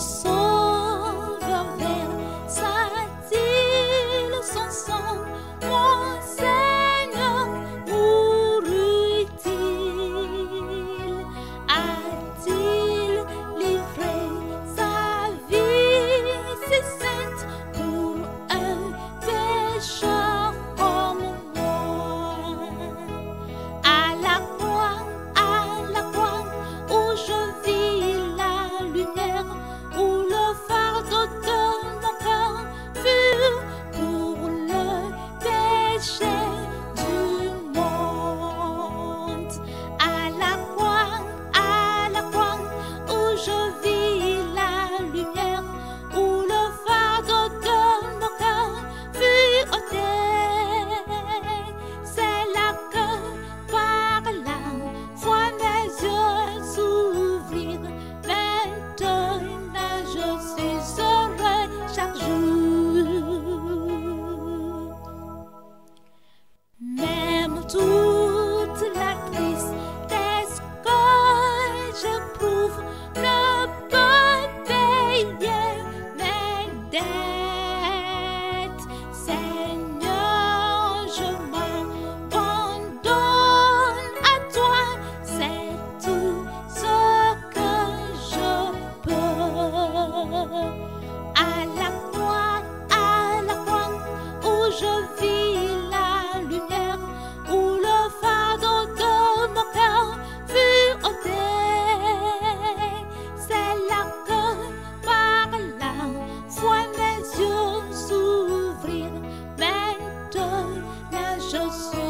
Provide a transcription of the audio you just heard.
So precious